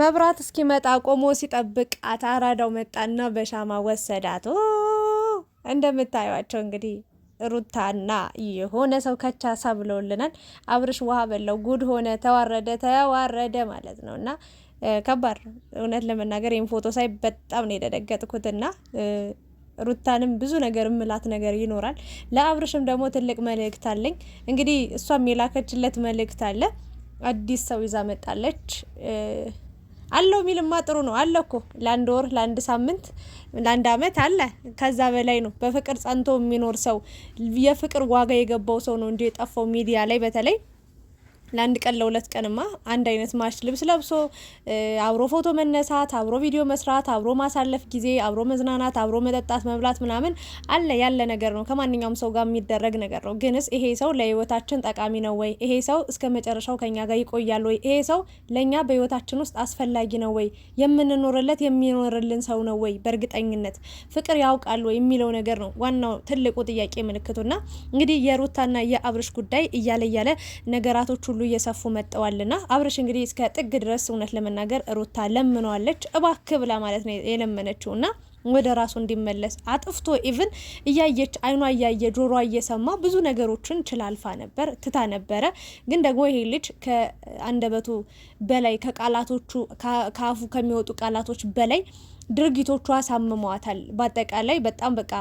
መብራት እስኪመጣ ቆሞ ሲጠብቃት አራዳው መጣና በሻማ ወሰዳት። እንደምታዩቸው እንግዲህ ሩታና የሆነ ሰው ከቻሳ ብለውልናል። አብርሽ ውሃ በላው፣ ጉድ ሆነ፣ ተዋረደ ተዋረደ ማለት ነው። እና ከባድ እውነት ለመናገር ይህን ፎቶ ሳይ በጣም ነው የደነገጥኩትና ሩታንም ብዙ ነገር ምላት ነገር ይኖራል። ለአብርሽም ደግሞ ትልቅ መልእክት አለኝ። እንግዲህ እሷም የላከችለት መልእክት አለ። አዲስ ሰው ይዛ መጣለች። አለው ሚልማ ጥሩ ነው። አለ እኮ ለአንድ ወር፣ ለአንድ ሳምንት፣ ለአንድ አመት አለ ከዛ በላይ ነው። በፍቅር ጸንቶ የሚኖር ሰው የፍቅር ዋጋ የገባው ሰው ነው እንጂ የጠፋው ሚዲያ ላይ በተለይ ለአንድ ቀን ለሁለት ቀንማ አንድ አይነት ማሽ ልብስ ለብሶ አብሮ ፎቶ መነሳት፣ አብሮ ቪዲዮ መስራት፣ አብሮ ማሳለፍ ጊዜ፣ አብሮ መዝናናት፣ አብሮ መጠጣት፣ መብላት ምናምን አለ ያለ ነገር ነው። ከማንኛውም ሰው ጋር የሚደረግ ነገር ነው። ግንስ ይሄ ሰው ለህይወታችን ጠቃሚ ነው ወይ? ይሄ ሰው እስከ መጨረሻው ከኛ ጋር ይቆያል ወይ? ይሄ ሰው ለእኛ በህይወታችን ውስጥ አስፈላጊ ነው ወይ? የምንኖርለት የሚኖርልን ሰው ነው ወይ? በእርግጠኝነት ፍቅር ያውቃል ወይ የሚለው ነገር ነው ዋናው ትልቁ ጥያቄ ምልክቱና እንግዲህ የሩታና የአብርሽ ጉዳይ እያለ እያለ ነገራቶች ሁሉ ሁሉ እየሰፉ መጠዋልና አብርሽ እንግዲህ እስከ ጥግ ድረስ እውነት ለመናገር ሩታ ለምነዋለች፣ እባክ ብላ ማለት ነው የለመነችው ና ወደ ራሱ እንዲመለስ አጥፍቶ ኢቭን እያየች አይኗ እያየ ጆሮ እየሰማ ብዙ ነገሮችን ችላልፋ ነበር ትታ ነበረ። ግን ደግሞ ይሄ ልጅ ከአንደበቱ በላይ ከቃላቶቹ ከአፉ ከሚወጡ ቃላቶች በላይ ድርጊቶቹ አሳምመዋታል። በአጠቃላይ በጣም በቃ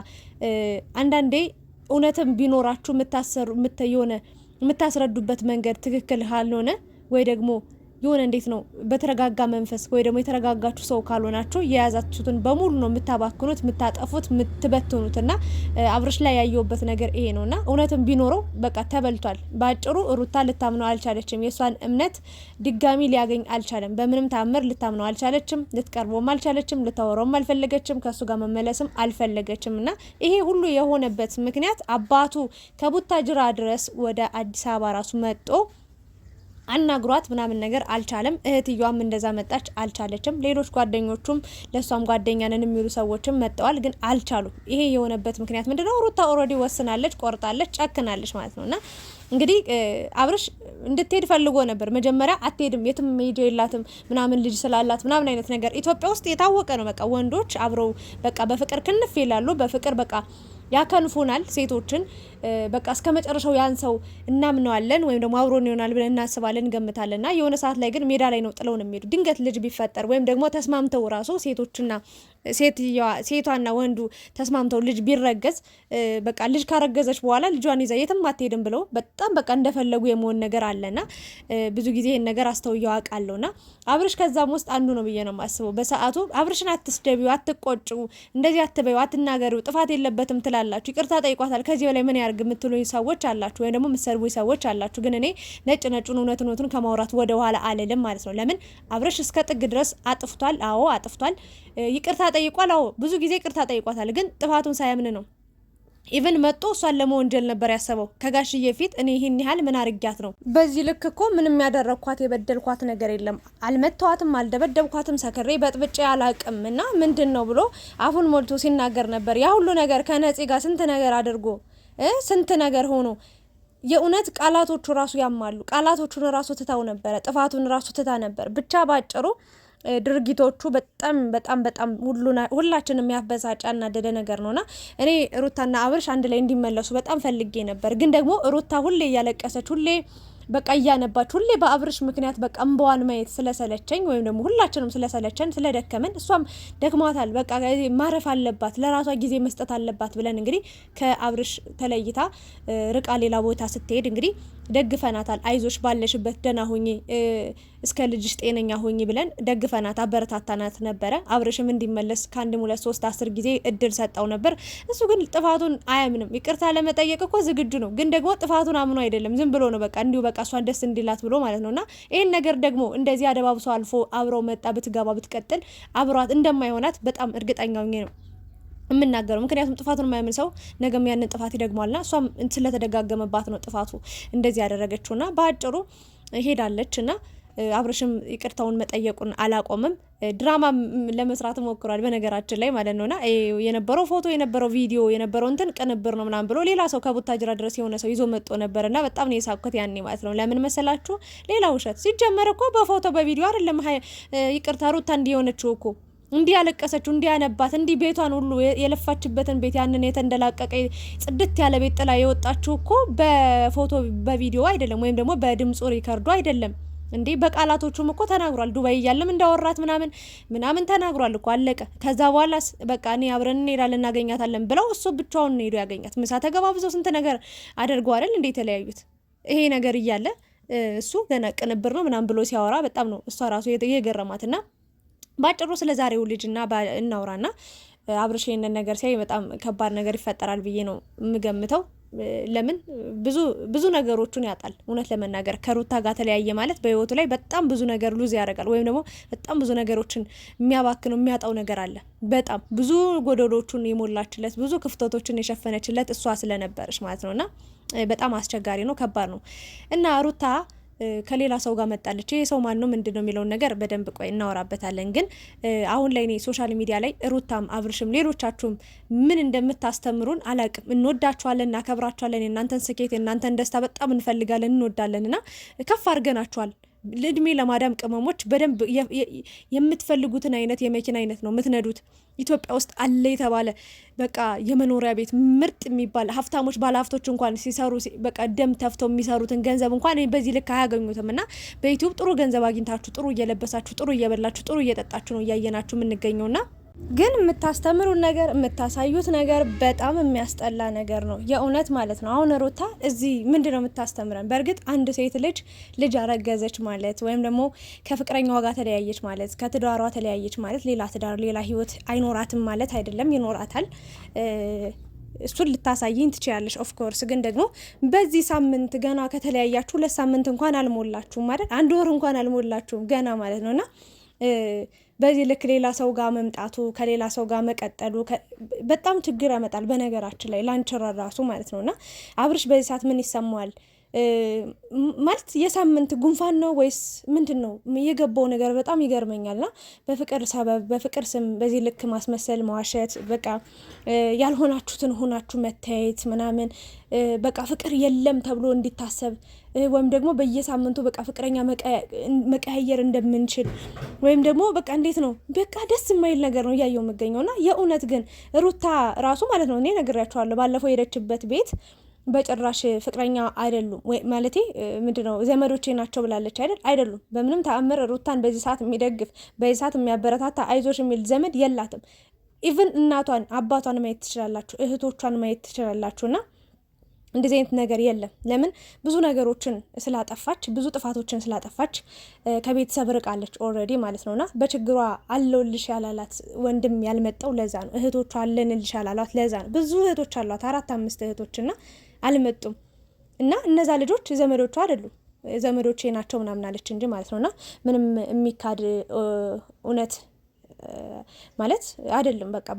አንዳንዴ እውነትም ቢኖራችሁ የምታሰሩ የሆነ የምታስረዱበት መንገድ ትክክል ካልሆነ ወይ ደግሞ የሆነ እንዴት ነው በተረጋጋ መንፈስ ወይ ደግሞ የተረጋጋችሁ ሰው ካልሆናችሁ የያዛችሁትን በሙሉ ነው የምታባክኑት፣ የምታጠፉት፣ የምትበትኑት ና አብርሽ ላይ ያየውበት ነገር ይሄ ነው ና እውነትም ቢኖረው በቃ ተበልቷል። በአጭሩ ሩታ ልታምነው አልቻለችም። የእሷን እምነት ድጋሚ ሊያገኝ አልቻለም። በምንም ታምር ልታምነው አልቻለችም። ልትቀርበውም አልቻለችም። ልታወራውም አልፈለገችም። ከእሱ ጋር መመለስም አልፈለገችም እና ይሄ ሁሉ የሆነበት ምክንያት አባቱ ከቡታጅራ ድረስ ወደ አዲስ አበባ ራሱ መጦ አናግሯት ምናምን ነገር አልቻለም። እህትየዋም እንደዛ መጣች፣ አልቻለችም። ሌሎች ጓደኞቹም ለእሷም ጓደኛ የሚሉ ሰዎችም መጠዋል፣ ግን አልቻሉም። ይሄ የሆነበት ምክንያት ምንድነው? ሩታ ኦልሬዲ ወስናለች፣ ቆርጣለች፣ ጨክናለች ማለት እና እንግዲህ አብርሽ እንድትሄድ ፈልጎ ነበር መጀመሪያ። አትሄድም የትም ሄጆ የላትም ምናምን ልጅ ስላላት ምናምን አይነት ነገር ኢትዮጵያ ውስጥ የታወቀ ነው። በቃ ወንዶች አብረው በቃ በፍቅር ክንፍ ይላሉ። በፍቅር በቃ ያከንፉናል ሴቶችን በቃ እስከ መጨረሻው ያን ሰው እናምነዋለን ወይም ደግሞ አብሮን ይሆናል ብለን እናስባለን፣ እንገምታለን እና የሆነ ሰዓት ላይ ግን ሜዳ ላይ ነው ጥለውን የሚሄዱ። ድንገት ልጅ ቢፈጠር ወይም ደግሞ ተስማምተው ራሱ ሴቶችና ሴቷና ወንዱ ተስማምተው ልጅ ቢረገዝ በቃ ልጅ ካረገዘች በኋላ ልጇን ይዛ የትም አትሄድም ብለው በጣም በቃ እንደፈለጉ የመሆን ነገር አለና ብዙ ጊዜ ይህን ነገር አስተውየው ና አብርሽ ከዛም ውስጥ አንዱ ነው ብዬ ነው የማስበው። በሰዓቱ አብርሽን አትስደቢው፣ አትቆጭው፣ እንደዚህ አትበዩ፣ አትናገሪው፣ ጥፋት የለበትም ትላላችሁ፣ ይቅርታ ጠይቋታል። ከዚህ በላይ ምን አታርግ የምትሉኝ ሰዎች አላችሁ፣ ወይም ደግሞ የምትሰርቡኝ ሰዎች አላችሁ። ግን እኔ ነጭ ነጩን እውነት እውነቱን ከማውራት ወደ ኋላ አልልም ማለት ነው። ለምን አብረሽ እስከ ጥግ ድረስ አጥፍቷል። አዎ አጥፍቷል። ይቅርታ ጠይቋል። አዎ ብዙ ጊዜ ይቅርታ ጠይቋታል። ግን ጥፋቱን ሳያምን ነው ኢቨን መጦ እሷን ለመወንጀል ነበር ያሰበው። ከጋሽዬ ፊት እኔ ይህን ያህል ምን አርጊያት ነው? በዚህ ልክ እኮ ምንም ያደረግኳት የበደልኳት ነገር የለም። አልመተዋትም፣ አልደበደብኳትም፣ ሰክሬ በጥብጬ አላቅም እና ምንድን ነው ብሎ አፉን ሞልቶ ሲናገር ነበር። ያ ሁሉ ነገር ከነፂ ጋር ስንት ነገር አድርጎ ስንት ነገር ሆኖ የእውነት ቃላቶቹ ራሱ ያማሉ። ቃላቶቹን ራሱ ትታው ነበረ፣ ጥፋቱን ራሱ ትታ ነበር። ብቻ ባጭሩ ድርጊቶቹ በጣም በጣም በጣም ሁላችንም የሚያበሳጭ ያናደደ ነገር ነውና እኔ ሩታና አብርሽ አንድ ላይ እንዲመለሱ በጣም ፈልጌ ነበር። ግን ደግሞ ሩታ ሁሌ እያለቀሰች ሁሌ በቃ እያነባች ሁሌ በአብርሽ ምክንያት በቃ ማየት ስለሰለቸኝ ወይም ደግሞ ሁላችንም ስለሰለቸን ስለደከመን እሷም ደክሟታል፣ በቃ ማረፍ አለባት፣ ለራሷ ጊዜ መስጠት አለባት ብለን እንግዲህ ከአብርሽ ተለይታ ርቃ ሌላ ቦታ ስትሄድ እንግዲህ ደግፈናታል። አይዞች ባለሽበት ደህና ሁኚ እስከ ልጅሽ ጤነኛ ሁኚ ብለን ደግፈናት አበረታታናት ነበረ። አብርሽም እንዲመለስ ከአንድም ሁለት ሶስት አስር ጊዜ እድል ሰጠው ነበር። እሱ ግን ጥፋቱን አያምንም። ይቅርታ ለመጠየቅ እኮ ዝግጁ ነው፣ ግን ደግሞ ጥፋቱን አምኖ አይደለም። ዝም ብሎ ነው በቃ እንዲሁ በቃ እሷን ደስ እንዲላት ብሎ ማለት ነውና ይህን ነገር ደግሞ እንደዚህ አደባብሶ አልፎ አብረው መጣ ብትገባ ብትቀጥል አብሯት እንደማይሆናት በጣም እርግጠኛ ነው። የምናገረው። ምክንያቱም ጥፋቱን የማያምን ሰው ነገም ያንን ጥፋት ይደግማልና እሷም ስለተደጋገመባት ነው ጥፋቱ እንደዚህ ያደረገችውና በአጭሩ ሄዳለች እና አብረሽም ይቅርታውን መጠየቁን አላቆምም። ድራማ ለመስራት ሞክሯል፣ በነገራችን ላይ ማለት ና የነበረው ፎቶ የነበረው ቪዲዮ የነበረው እንትን ቅንብር ነው ምናምን ብሎ ሌላ ሰው ከቡታጅራ ድረስ የሆነ ሰው ይዞ መጥቶ ና በጣም ነው ያኔ ማለት ነው። ለምን መሰላችሁ? ሌላ ውሸት ሲጀመር እኮ በፎቶ በቪዲዮ አይደለም ይቅርታ ሩታ እንዲህ የሆነችው እኮ እንዲህ ያለቀሰችው እንዲህ ያነባት እንዲህ ቤቷን ሁሉ የለፋችበትን ቤት ያንን የተንደላቀቀ ጽድት ያለ ቤት ጥላ የወጣችው እኮ በፎቶ በቪዲዮ አይደለም፣ ወይም ደግሞ በድምፁ ሪከርዶ አይደለም። እንዴ በቃላቶቹም እኮ ተናግሯል። ዱባይ እያለም እንዳወራት ምናምን ምናምን ተናግሯል እኮ አለቀ። ከዛ በኋላ በቃ እኔ አብረን እንሄዳለን እናገኛታለን ብለው እሱ ብቻውን ሄዶ ያገኛት ምሳ ተገባብዘው ስንት ነገር አደርገው አይደል እንዴ የተለያዩት። ይሄ ነገር እያለ እሱ ገና ቅንብር ነው ምናምን ብሎ ሲያወራ በጣም ነው እሷ ራሱ የገረማትና ባጭሩ ስለ ዛሬው ልጅና እናውራና አብርሽ ይህንን ነገር ሲያይ በጣም ከባድ ነገር ይፈጠራል ብዬ ነው የምገምተው። ለምን ብዙ ብዙ ነገሮቹን ያጣል። እውነት ለመናገር ከሩታ ጋር ተለያየ ማለት በህይወቱ ላይ በጣም ብዙ ነገር ሉዝ ያደርጋል፣ ወይም ደግሞ በጣም ብዙ ነገሮችን የሚያባክነው የሚያጣው ነገር አለ። በጣም ብዙ ጎደሎቹን የሞላችለት ብዙ ክፍተቶችን የሸፈነችለት እሷ ስለነበረች ማለት ነው። እና በጣም አስቸጋሪ ነው፣ ከባድ ነው እና ሩታ ከሌላ ሰው ጋር መጣለች፣ ይሄ ሰው ማን ነው ምንድን ነው የሚለውን ነገር በደንብ ቆይ እናወራበታለን። ግን አሁን ላይ እኔ ሶሻል ሚዲያ ላይ ሩታም አብርሽም ሌሎቻችሁም ምን እንደምታስተምሩን አላቅም። እንወዳችኋለን፣ እናከብራችኋለን። የእናንተን ስኬት የእናንተን ደስታ በጣም እንፈልጋለን፣ እንወዳለን እና ከፍ አድርገናችኋል። ለእድሜ ለማዳም ቅመሞች በደንብ የምትፈልጉትን አይነት የመኪና አይነት ነው የምትነዱት። ኢትዮጵያ ውስጥ አለ የተባለ በቃ የመኖሪያ ቤት ምርጥ የሚባል ሀብታሞች ባለሀብቶች እንኳን ሲሰሩ በቃ ደም ተፍተው የሚሰሩትን ገንዘብ እንኳን በዚህ ልክ አያገኙትም። እና በዩቲዩብ ጥሩ ገንዘብ አግኝታችሁ ጥሩ እየለበሳችሁ ጥሩ እየበላችሁ ጥሩ እየጠጣችሁ ነው እያየናችሁ ና ግን የምታስተምሩን ነገር የምታሳዩት ነገር በጣም የሚያስጠላ ነገር ነው፣ የእውነት ማለት ነው። አሁን ሩታ እዚህ ምንድን ነው የምታስተምረን? በእርግጥ አንድ ሴት ልጅ ልጅ አረገዘች ማለት ወይም ደግሞ ከፍቅረኛዋ ጋር ተለያየች ማለት ከትዳሯ ተለያየች ማለት ሌላ ትዳር ሌላ ህይወት አይኖራትም ማለት አይደለም፣ ይኖራታል። እሱን ልታሳይኝ ትችላለች። ኦፍኮርስ ግን ደግሞ በዚህ ሳምንት ገና ከተለያያችሁ ሁለት ሳምንት እንኳን አልሞላችሁም ማለት አንድ ወር እንኳን አልሞላችሁም ገና ማለት ነውና በዚህ ልክ ሌላ ሰው ጋር መምጣቱ ከሌላ ሰው ጋር መቀጠሉ በጣም ችግር ያመጣል። በነገራችን ላይ ላንቸራ ራሱ ማለት ነው እና አብርሽ በዚህ ሰዓት ምን ይሰማዋል? ማለት የሳምንት ጉንፋን ነው ወይስ ምንድን ነው የገባው ነገር በጣም ና በፍቅር ሰበብ በፍቅር ስም በዚህ ልክ ማስመሰል መዋሸት፣ በቃ ያልሆናችሁትን ሆናችሁ መታየት ምናምን በቃ ፍቅር የለም ተብሎ እንዲታሰብ ወይም ደግሞ በየሳምንቱ በቃ ፍቅረኛ መቀያየር እንደምንችል ወይም ደግሞ በቃ እንዴት ነው በቃ ደስ የማይል ነገር ነው እያየው ና የእውነት ግን ሩታ ራሱ ማለት ነው እኔ ነግሬያቸዋለሁ ባለፈው የሄደችበት ቤት በጭራሽ ፍቅረኛ አይደሉም ወይ ማለቴ ምንድን ነው ዘመዶቼ ናቸው ብላለች አይደል? አይደሉም። በምንም ተአምር ሩታን በዚህ ሰዓት የሚደግፍ በዚህ ሰዓት የሚያበረታታ አይዞሽ የሚል ዘመድ የላትም። ኢቭን እናቷን አባቷን ማየት ትችላላችሁ፣ እህቶቿን ማየት ትችላላችሁና እንደዚህ አይነት ነገር የለም። ለምን ብዙ ነገሮችን ስላጠፋች ብዙ ጥፋቶችን ስላጠፋች ከቤተሰብ ርቃለች ኦልሬዲ ማለት ነውና በችግሯ አለውልሽ ያላላት ወንድም ያልመጣው ለዛ ነው። እህቶቿ አለንልሽ ያላሏት ለዛ ነው። ብዙ እህቶች አሏት አራት አምስት እህቶችና አልመጡም እና እነዛ ልጆች ዘመዶቹ አይደሉም ዘመዶቼ ናቸው ምናምን አለች እንጂ ማለት ነው እና ምንም የሚካድ እውነት ማለት አይደለም። በቃ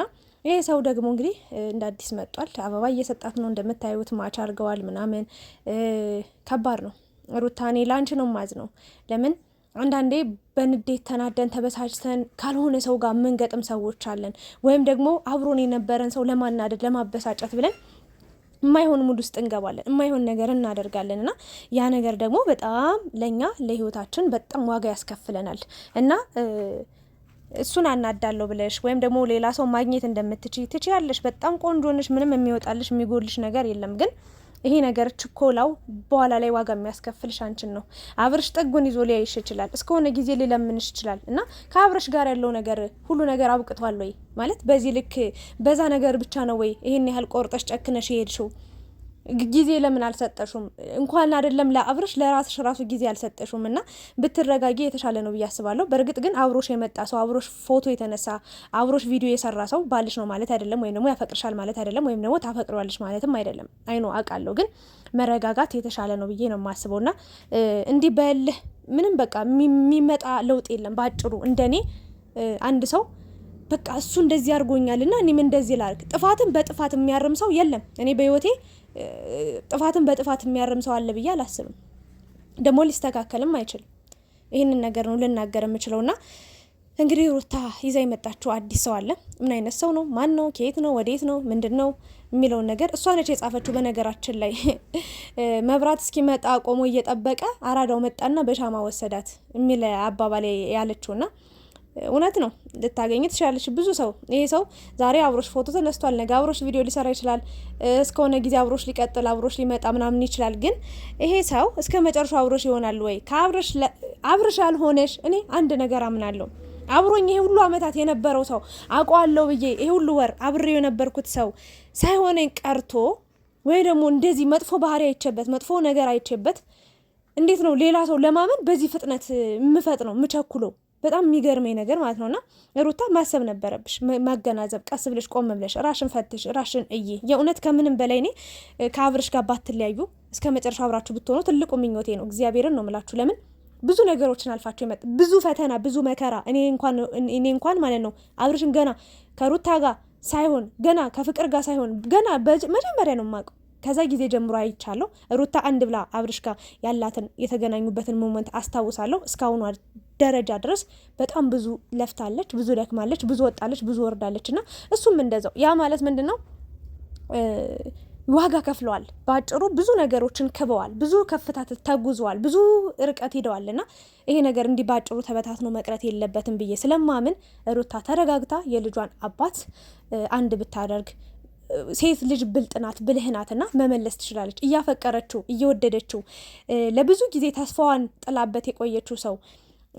ና ይሄ ሰው ደግሞ እንግዲህ እንደ አዲስ መጧል። አበባ እየሰጣት ነው እንደምታዩት፣ ማች አድርገዋል ምናምን። ከባድ ነው ሩታኔ፣ ላንች ነው ማዝ ነው። ለምን አንዳንዴ በንዴት ተናደን ተበሳጭተን ካልሆነ ሰው ጋር ምንገጥም ሰዎች አለን። ወይም ደግሞ አብሮን የነበረን ሰው ለማናደድ ለማበሳጨት ብለን የማይሆን ሙድ ውስጥ እንገባለን፣ የማይሆን ነገር እናደርጋለን እና ያ ነገር ደግሞ በጣም ለእኛ ለህይወታችን በጣም ዋጋ ያስከፍለናል እና እሱን አናዳለው ብለሽ ወይም ደግሞ ሌላ ሰው ማግኘት እንደምትች ትችያለሽ። በጣም ቆንጆ ነሽ። ምንም የሚወጣልሽ የሚጎልሽ ነገር የለም ግን ይሄ ነገር ችኮላው በኋላ ላይ ዋጋ የሚያስከፍልሽ አንቺን ነው። አብርሽ ጥጉን ይዞ ሊያይሽ ይችላል፣ እስከሆነ ጊዜ ሊለምንሽ ይችላል። እና ከአብርሽ ጋር ያለው ነገር ሁሉ ነገር አብቅቷል ወይ ማለት በዚህ ልክ በዛ ነገር ብቻ ነው ወይ ይህን ያህል ቆርጠሽ ጨክነሽ የሄድሽው? ጊዜ ለምን አልሰጠሹም? እንኳን አይደለም ለአብርሽ ለራስሽ ራሱ ጊዜ አልሰጠሹም እና ብትረጋጊ የተሻለ ነው ብዬ አስባለሁ። በእርግጥ ግን አብሮሽ የመጣ ሰው አብሮሽ ፎቶ የተነሳ አብሮሽ ቪዲዮ የሰራ ሰው ባልሽ ነው ማለት አይደለም፣ ወይም ደግሞ ያፈቅርሻል ማለት አይደለም፣ ወይም ደግሞ ታፈቅረዋለሽ ማለትም አይደለም። አይኖ አውቃለሁ፣ ግን መረጋጋት የተሻለ ነው ብዬ ነው የማስበው እና እንዲህ በልህ ምንም በቃ የሚመጣ ለውጥ የለም። በአጭሩ እንደኔ አንድ ሰው በቃ እሱ እንደዚህ አድርጎኛል እና እኔም እንደዚህ ላርግ። ጥፋትን በጥፋት የሚያርም ሰው የለም። እኔ በህይወቴ ጥፋትን በጥፋት የሚያርም ሰው አለ ብዬ አላስብም። ደግሞ ሊስተካከልም አይችልም። ይህንን ነገር ነው ልናገር የምችለውና እንግዲህ ሩታ ይዛ የመጣችው አዲስ ሰው አለ። ምን አይነት ሰው ነው? ማን ነው? ከየት ነው? ወዴት ነው? ምንድን ነው የሚለውን ነገር እሷ ነች የጻፈችው። በነገራችን ላይ መብራት እስኪመጣ ቆሞ እየጠበቀ አራዳው መጣና በሻማ ወሰዳት የሚል አባባል ያለችውና እውነት ነው ልታገኝ ትችላለች። ብዙ ሰው ይሄ ሰው ዛሬ አብሮሽ ፎቶ ተነስቷል፣ ነገ አብሮሽ ቪዲዮ ሊሰራ ይችላል፣ እስከሆነ ጊዜ አብሮሽ ሊቀጥል አብሮሽ ሊመጣ ምናምን ይችላል። ግን ይሄ ሰው እስከ መጨረሻው አብሮሽ ይሆናል ወይ? አብረሽ ያልሆነሽ እኔ አንድ ነገር አምናለሁ። አብሮኝ ይሄ ሁሉ አመታት የነበረው ሰው አውቀዋለሁ ብዬ ይሄ ሁሉ ወር አብሬው የነበርኩት ሰው ሳይሆነኝ ቀርቶ ወይ ደግሞ እንደዚህ መጥፎ ባህሪ አይቼበት መጥፎ ነገር አይቼበት እንዴት ነው ሌላ ሰው ለማመን በዚህ ፍጥነት የምፈጥ ነው የምቸኩለው? በጣም የሚገርመኝ ነገር ማለት ነውና ሩታ ማሰብ ነበረብሽ፣ ማገናዘብ፣ ቀስ ብለሽ ቆም ብለሽ ራሽን ፈትሽ፣ ራሽን እይ። የእውነት ከምንም በላይ እኔ ከአብርሽ ጋር ባትለያዩ እስከ መጨረሻ አብራችሁ ብትሆኑ ትልቁ ምኞቴ ነው። እግዚአብሔርን ነው ምላችሁ። ለምን ብዙ ነገሮችን አልፋችሁ ይመጥ ብዙ ፈተና፣ ብዙ መከራ። እኔ እንኳን እኔ እንኳን ማለት ነው አብርሽን ገና ከሩታ ጋር ሳይሆን ገና ከፍቅር ጋር ሳይሆን ገና መጀመሪያ ነው የማውቀው ከዛ ጊዜ ጀምሮ አይቻለሁ። ሩታ አንድ ብላ አብርሽ ጋር ያላትን የተገናኙበትን ሞመንት አስታውሳለሁ። እስካሁኗ ደረጃ ድረስ በጣም ብዙ ለፍታለች፣ ብዙ ደክማለች፣ ብዙ ወጣለች፣ ብዙ ወርዳለች እና እሱም እንደዛው ያ ማለት ምንድን ነው ዋጋ ከፍለዋል። በአጭሩ ብዙ ነገሮችን ክበዋል፣ ብዙ ከፍታ ተጉዘዋል፣ ብዙ ርቀት ሂደዋል እና ይሄ ነገር እንዲህ በአጭሩ ተበታትኖ መቅረት የለበትም ብዬ ስለማምን ሩታ ተረጋግታ የልጇን አባት አንድ ብታደርግ ሴት ልጅ ብልጥ ናት፣ ብልህ መመለስ ትችላለች። እያፈቀረችው እየወደደችው ለብዙ ጊዜ ተስፋዋን ጥላበት የቆየችው ሰው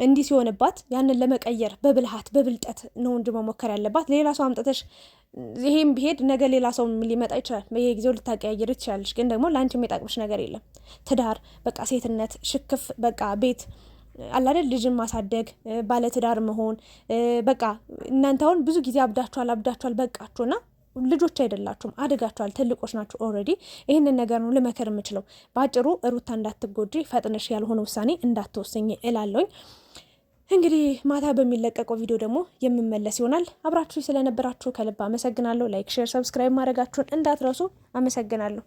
እንዲህ ሲሆንባት ያንን ለመቀየር በብልሃት በብልጠት ነው እንጂ መሞከር ያለባት። ሌላ ሰው አምጥተሽ ይሄም ቢሄድ ነገ ሌላ ሰው ሊመጣ ይችላል። ጊዜው ልታቀያየር ትችላለች፣ ግን ደግሞ ለአንቺ የሚጠቅምሽ ነገር የለም። ትዳር በቃ ሴትነት ሽክፍ በቃ ቤት አላደል ልጅን ማሳደግ ባለትዳር መሆን በቃ እናንተ አሁን ብዙ ጊዜ አብዳችኋል አብዳችኋል በቃችሁና ልጆች አይደላችሁም፣ አድጋችኋል፣ ትልቆች ናቸው ኦልሬዲ። ይህንን ነገር ነው ልመከር የምችለው። በአጭሩ ሩታ እንዳትጎጂ ፈጥነሽ ያልሆነ ውሳኔ እንዳትወሰኝ እላለሁኝ። እንግዲህ ማታ በሚለቀቀው ቪዲዮ ደግሞ የምመለስ ይሆናል። አብራችሁ ስለነበራችሁ ከልብ አመሰግናለሁ። ላይክ፣ ሼር፣ ሰብስክራይብ ማድረጋችሁን እንዳትረሱ። አመሰግናለሁ።